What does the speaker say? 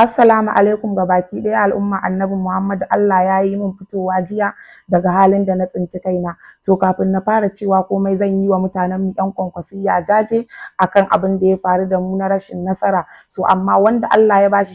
Assalamu alaikum ga baki ɗaya al'umma annabi Muhammad Allah ya yi min fitowa jiya daga halin da na tsinci kaina. To kafin na fara cewa komai zan yi wa mutanen mu ƴan kwankwasiyya jaje akan abin da ya faru da mu na rashin nasara. So amma wanda Allah ya bashi